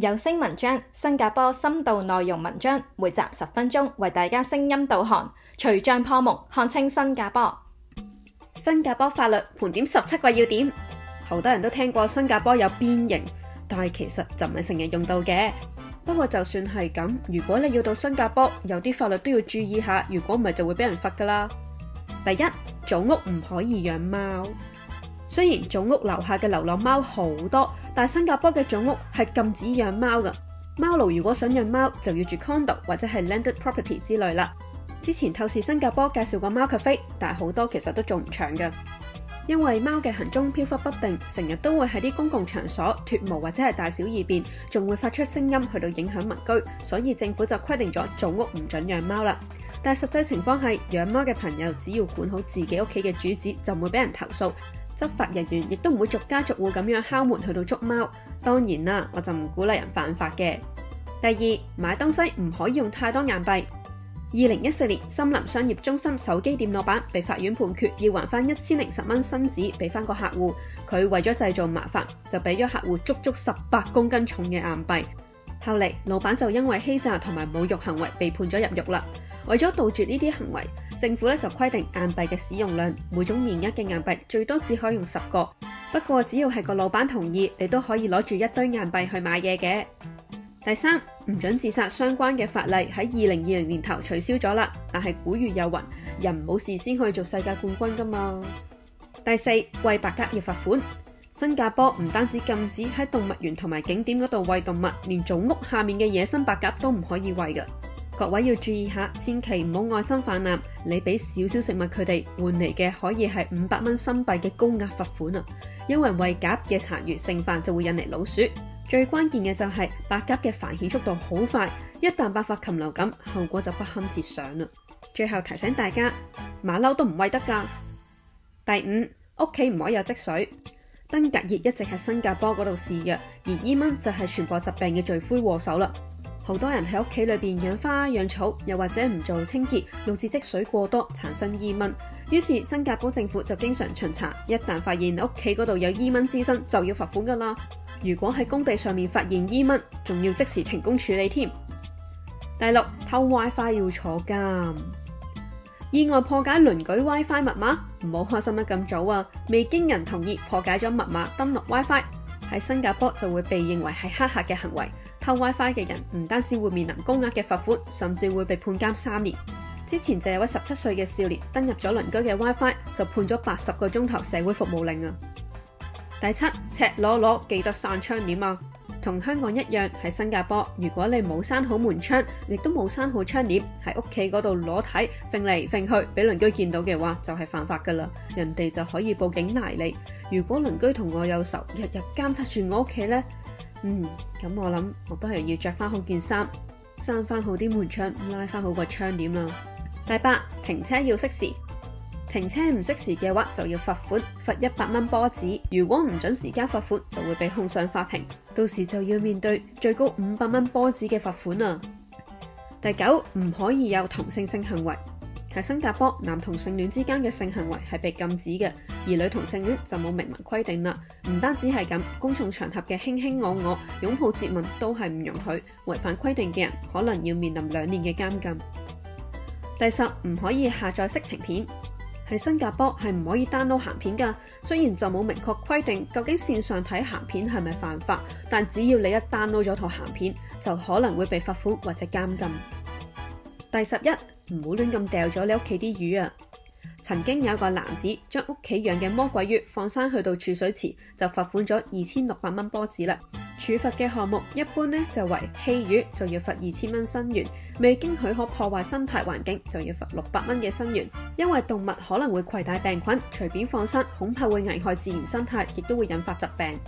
有聲文章，新加坡深度內容文章，每集十分鐘，為大家聲音導航，除障破夢，看清新加坡。新加坡法律盤點十七個要點，好多人都聽過新加坡有鞭刑，但係其實就唔係成日用到嘅。不過就算係咁，如果你要到新加坡，有啲法律都要注意下，如果唔係就會俾人罰㗎喇。第一，組屋唔可以養貓。雖然組屋樓下嘅流浪貓好多，但係新加坡嘅組屋係禁止養貓噶。貓奴如果想養貓，就要住 condo 或者係 landed property 之類啦。之前透視新加坡介紹過貓咖啡，但係好多其實都做唔長噶，因為貓嘅行蹤飄忽不定，成日都會喺啲公共場所脱毛或者係大小二便，仲會發出聲音去到影響民居，所以政府就規定咗組屋唔准養貓啦。但係實際情況係養貓嘅朋友只要管好自己屋企嘅主子，就唔會俾人投訴。執法人員亦都唔會逐家逐戶咁樣敲門去到捉貓，當然啦，我就唔鼓勵人犯法嘅。第二，買東西唔可以用太多硬幣。二零一四年，森林商業中心手機店老闆被法院判決要還翻一千零十蚊新紙俾翻個客戶，佢為咗製造麻煩，就俾咗客戶足足十八公斤重嘅硬幣。後嚟，老闆就因為欺詐同埋侮辱行為被判咗入獄啦。為咗杜絕呢啲行為，政府咧就規定硬幣嘅使用量，每種面額嘅硬幣最多只可以用十個。不過只要係個老闆同意，你都可以攞住一堆硬幣去買嘢嘅。第三，唔准自殺相關嘅法例喺二零二零年頭取消咗啦。但係古語有云，人冇事先可以做世界冠軍噶嘛。第四，喂白鴿要罰款。新加坡唔單止禁止喺動物園同埋景點嗰度喂動物，連組屋下面嘅野生白鴿都唔可以喂噶。各位要注意下，千祈唔好愛心泛濫。你俾少少食物佢哋，換嚟嘅可以係五百蚊新幣嘅高額罰款啊！因為餵鴿嘅殘餘剩飯就會引嚟老鼠。最關鍵嘅就係白鴿嘅繁衍速度好快，一旦爆發禽流感，後果就不堪設想啦。最後提醒大家，馬騮都唔餵得噶。第五，屋企唔可以有積水。登革熱一直喺新加坡嗰度肆虐，而伊蚊就係傳播疾病嘅罪魁禍首啦。好多人喺屋企裏邊養花養草，又或者唔做清潔，導致積水過多，產生衣蚊。於是新加坡政府就經常巡查，一旦發現屋企嗰度有衣蚊滋生，就要罰款噶啦。如果喺工地上面發現衣蚊，仲要即時停工處理添。第六，偷 WiFi 要坐監。意外破解鄰居 WiFi 密碼，唔好開心得咁早啊！未經人同意破解咗密碼登錄 WiFi。Fi, 喺新加坡就會被認為係黑客嘅行為，偷 WiFi 嘅人唔單止會面臨高額嘅罰款，甚至會被判監三年。之前就有位十七歲嘅少年登入咗鄰居嘅 WiFi，就判咗八十個鐘頭社會服務令啊！第七，赤裸裸記得散窗簾啊！同香港一樣，喺新加坡，如果你冇閂好門窗，亦都冇閂好窗簾，喺屋企嗰度攞睇，揈嚟揈去，俾鄰居見到嘅話，就係犯法噶啦。人哋就可以報警拉你。如果鄰居同我有仇，日日監察住我屋企呢，嗯咁，我諗我都係要着翻好件衫，閂翻好啲門窗，拉翻好個窗簾啦。第八，停車要適時，停車唔適時嘅話就要罰款，罰一百蚊坡紙。如果唔準時交罰款，就會被控上法庭。到時就要面對最高五百蚊波子嘅罰款啦。第九，唔可以有同性性行為。喺新加坡，男同性戀之間嘅性行為係被禁止嘅，而女同性戀就冇明文規定啦。唔單止係咁，公眾場合嘅卿卿我我、擁抱接吻都係唔容許，違反規定嘅人可能要面臨兩年嘅監禁。第十，唔可以下載色情片。喺新加坡係唔可以 download 鹹片㗎。雖然就冇明確規定究竟線上睇鹹片係咪犯法，但只要你一 download 咗套鹹片，就可能會被罰款或者監禁。第十一，唔好亂咁掉咗你屋企啲魚啊！曾經有一個男子將屋企養嘅魔鬼魚放生去到儲水池，就罰款咗二千六百蚊波子啦。處罰嘅項目一般咧就為棄魚，就要罰二千蚊新元；未經許可破壞生態環境，就要罰六百蚊嘅新元。因為動物可能會攜帶病菌，隨便放生恐怕會危害自然生態，亦都會引發疾病。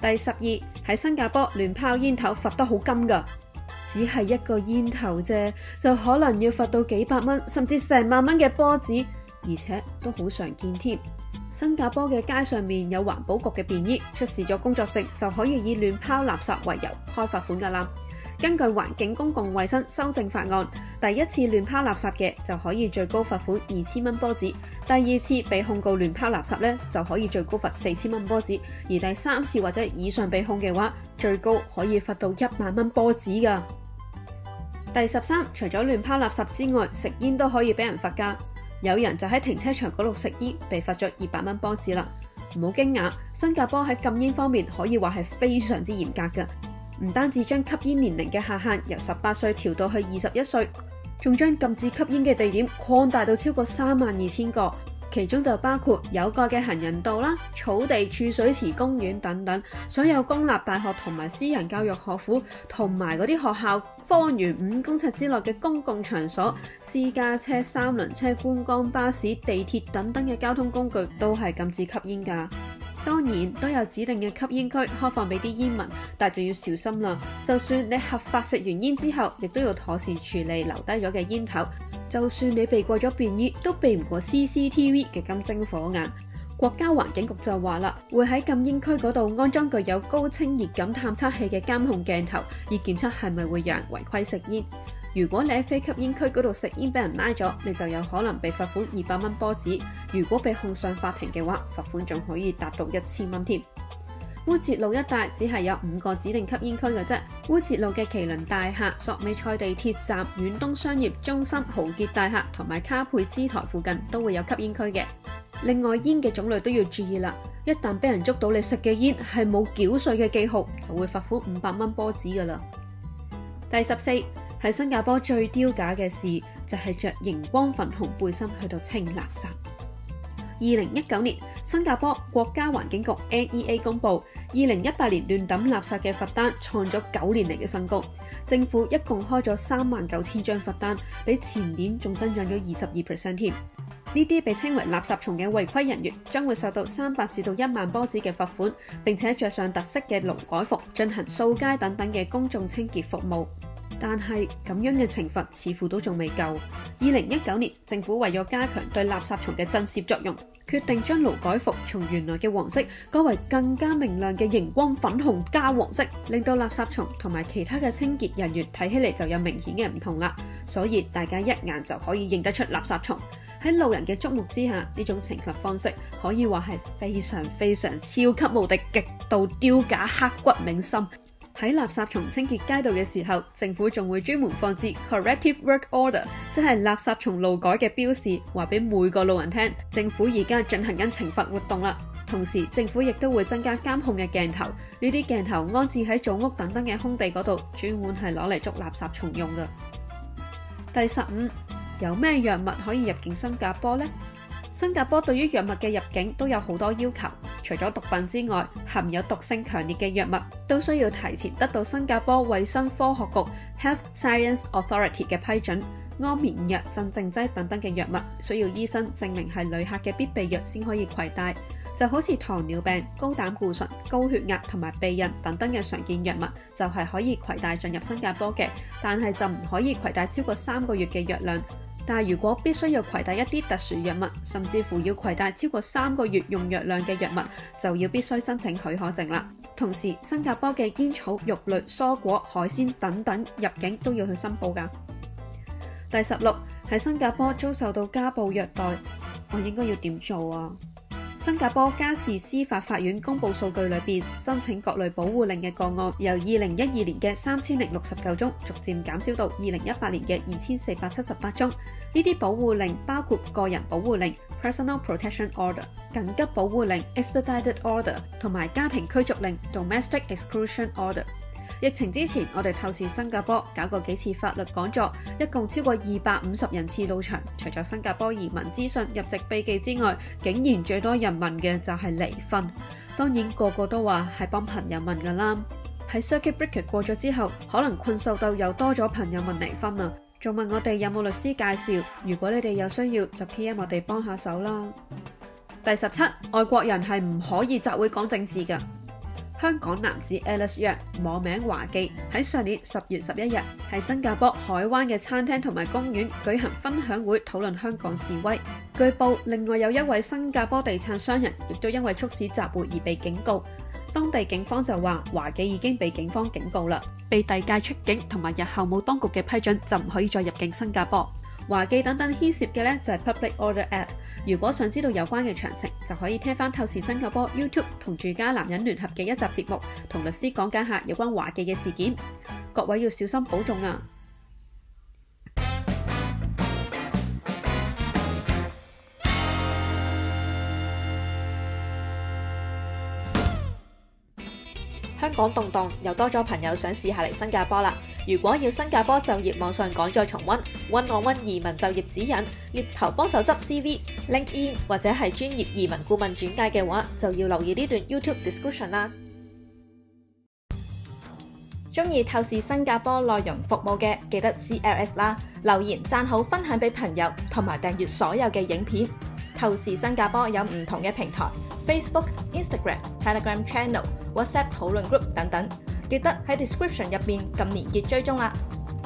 第十二，喺新加坡亂拋煙頭罰得好甘㗎，只係一個煙頭啫，就可能要罰到幾百蚊甚至成萬蚊嘅波子，而且都好常見添。新加坡嘅街上面有環保局嘅便衣，出示咗工作證就可以以亂拋垃圾為由開罰款噶啦。根據《環境公共衛生修正法案》，第一次亂拋垃圾嘅就可以最高罰款二千蚊波子，第二次被控告亂拋垃圾咧就可以最高罰四千蚊波子，而第三次或者以上被控嘅話，最高可以罰到一萬蚊波子噶。第十三，除咗亂拋垃圾之外，食煙都可以俾人罰噶。有人就喺停車場嗰度食煙，被罰咗二百蚊幫士啦。唔好驚訝，新加坡喺禁煙方面可以話係非常之嚴格噶。唔單止將吸煙年齡嘅下限由十八歲調到去二十一歲，仲將禁止吸煙嘅地點擴大到超過三萬二千個。其中就包括有蓋嘅行人道啦、草地、儲水池、公園等等，所有公立大學同埋私人教育學府同埋嗰啲學校，方圓五公尺之內嘅公共場所，私家車、三輪車、觀光巴士、地鐵等等嘅交通工具都係禁止吸煙㗎。當然都有指定嘅吸煙區開放俾啲煙民，但係就要小心啦。就算你合法食完煙之後，亦都要妥善處理留低咗嘅煙頭。就算你避過咗便衣，都避唔過 CCTV 嘅金睛火眼。國家環境局就話啦，會喺禁煙區嗰度安裝具有高清熱感探測器嘅監控鏡頭，以檢測係咪會有人違規食煙。如果你喺非吸煙區嗰度食煙俾人拉咗，你就有可能被罰款二百蚊波子。如果被控上法庭嘅話，罰款仲可以達到一千蚊添。烏節路一帶只係有五個指定吸煙區嘅啫。烏節路嘅麒麟大廈、索美塞地鐵站、遠東商業中心、豪傑大廈同埋卡佩茲台附近都會有吸煙區嘅。另外煙嘅種類都要注意啦，一旦俾人捉到你食嘅煙係冇繳稅嘅記號，就會罰款五百蚊波子噶啦。第十四，喺新加坡最丟架嘅事，就係、是、着熒光粉紅背心去到清垃圾。二零一九年，新加坡國家環境局 （NEA） 公布，二零一八年亂抌垃圾嘅罰單創咗九年嚟嘅新高。政府一共開咗三萬九千張罰單，比前年仲增長咗二十二 percent 添。呢啲被稱為垃圾蟲嘅違規人員將會受到三百至到一萬波子嘅罰款，並且着上特色嘅勞改服進行掃街等等嘅公眾清潔服務。但係咁樣嘅懲罰似乎都仲未夠。二零一九年，政府為咗加強對垃圾蟲嘅震懾作用，決定將勞改服從原來嘅黃色改為更加明亮嘅熒光粉紅加黃色，令到垃圾蟲同埋其他嘅清潔人員睇起嚟就有明顯嘅唔同啦。所以大家一眼就可以認得出垃圾蟲。喺路人嘅矚目之下，呢種懲罰方式可以話係非常非常超級無敵極度丟架、刻骨銘心。喺垃圾蟲清潔街道嘅時候，政府仲會專門放置 Corrective Work Order，即係垃圾蟲勞改嘅標示，話俾每個路人聽，政府而家進行緊懲罰活動啦。同時，政府亦都會增加監控嘅鏡頭，呢啲鏡頭安置喺組屋等等嘅空地嗰度，專門係攞嚟捉垃圾蟲用嘅。第十五，有咩藥物可以入境新加坡呢？新加坡對於藥物嘅入境都有好多要求，除咗毒品之外。含有毒性強烈嘅藥物都需要提前得到新加坡衞生科學局 Health Science Authority 嘅批准。安眠藥、鎮靜劑等等嘅藥物需要醫生證明係旅客嘅必備藥先可以攜帶。就好似糖尿病、高膽固醇、高血壓同埋避孕等等嘅常見藥物就係可以攜帶進入新加坡嘅，但係就唔可以攜帶超過三個月嘅藥量。但如果必須要攜帶一啲特殊藥物，甚至乎要攜帶超過三個月用藥量嘅藥物，就要必須申請許可證啦。同時，新加坡嘅煙草、肉類、蔬果、海鮮等等入境都要去申報㗎。第十六，喺新加坡遭受到家暴虐待，我應該要點做啊？新加坡家事司法法院公布數據裏邊，申請各類保護令嘅個案，由二零一二年嘅三千零六十九宗，逐漸減少到二零一八年嘅二千四百七十八宗。呢啲保護令包括個人保護令 （Personal Protection Order）、緊急保護令 （Expedited Order） 同埋家庭驅逐令 （Domestic Exclusion Order）。疫情之前，我哋透視新加坡搞過幾次法律講座，一共超過二百五十人次到場。除咗新加坡移民資訊、入籍秘技之外，竟然最多人問嘅就係離婚。當然個個都話係幫朋友問噶啦。喺 Circuit Breaker 過咗之後，可能困獸到又多咗朋友問離婚啦，仲問我哋有冇律師介紹。如果你哋有需要，就 PM 我哋幫下手啦。第十七，外國人係唔可以集會講政治噶。香港男子 Alice 約網名華記喺上年十月十一日喺新加坡海灣嘅餐廳同埋公園舉行分享會，討論香港示威。據報，另外有一位新加坡地產商人亦都因為促使集會而被警告。當地警方就話，華記已經被警方警告啦，被遞解出境同埋日後冇當局嘅批准就唔可以再入境新加坡。華記等等牽涉嘅咧就係 Public Order Act。如果想知道有關嘅詳情，就可以聽翻，透視新加坡 YouTube 同住家男人聯合嘅一集節目，同律師講解下有關華記嘅事件。各位要小心保重啊！香港動盪，又多咗朋友想試下嚟新加坡啦。如果要新加坡就業網上趕再重温，one-on-one 移民就業指引，獵頭幫手執 CV、LinkedIn 或者係專業移民顧問轉介嘅話，就要留意呢段 YouTube description 啦。中意 透視新加坡內容服務嘅，記得 CLS 啦，留言、讚好、分享俾朋友同埋訂閱所有嘅影片。透視新加坡有唔同嘅平台，Facebook、Instagram、Telegram Channel、WhatsApp 討論 group 等等。記得喺 description 入邊撳連結追蹤啦，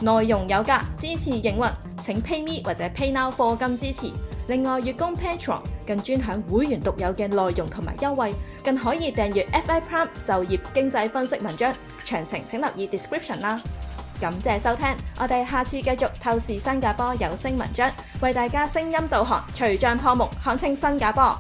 內容有價，支持營運，請 PayMe 或者 PayNow 課金支持。另外，月供 Patreon 更專享會員獨有嘅內容同埋優惠，更可以訂閱 FI Prime 就業經濟分析文章，詳情請留意 description 啦。感謝收聽，我哋下次繼續透視新加坡有聲文章，為大家聲音導航，除障破目，看清新加坡。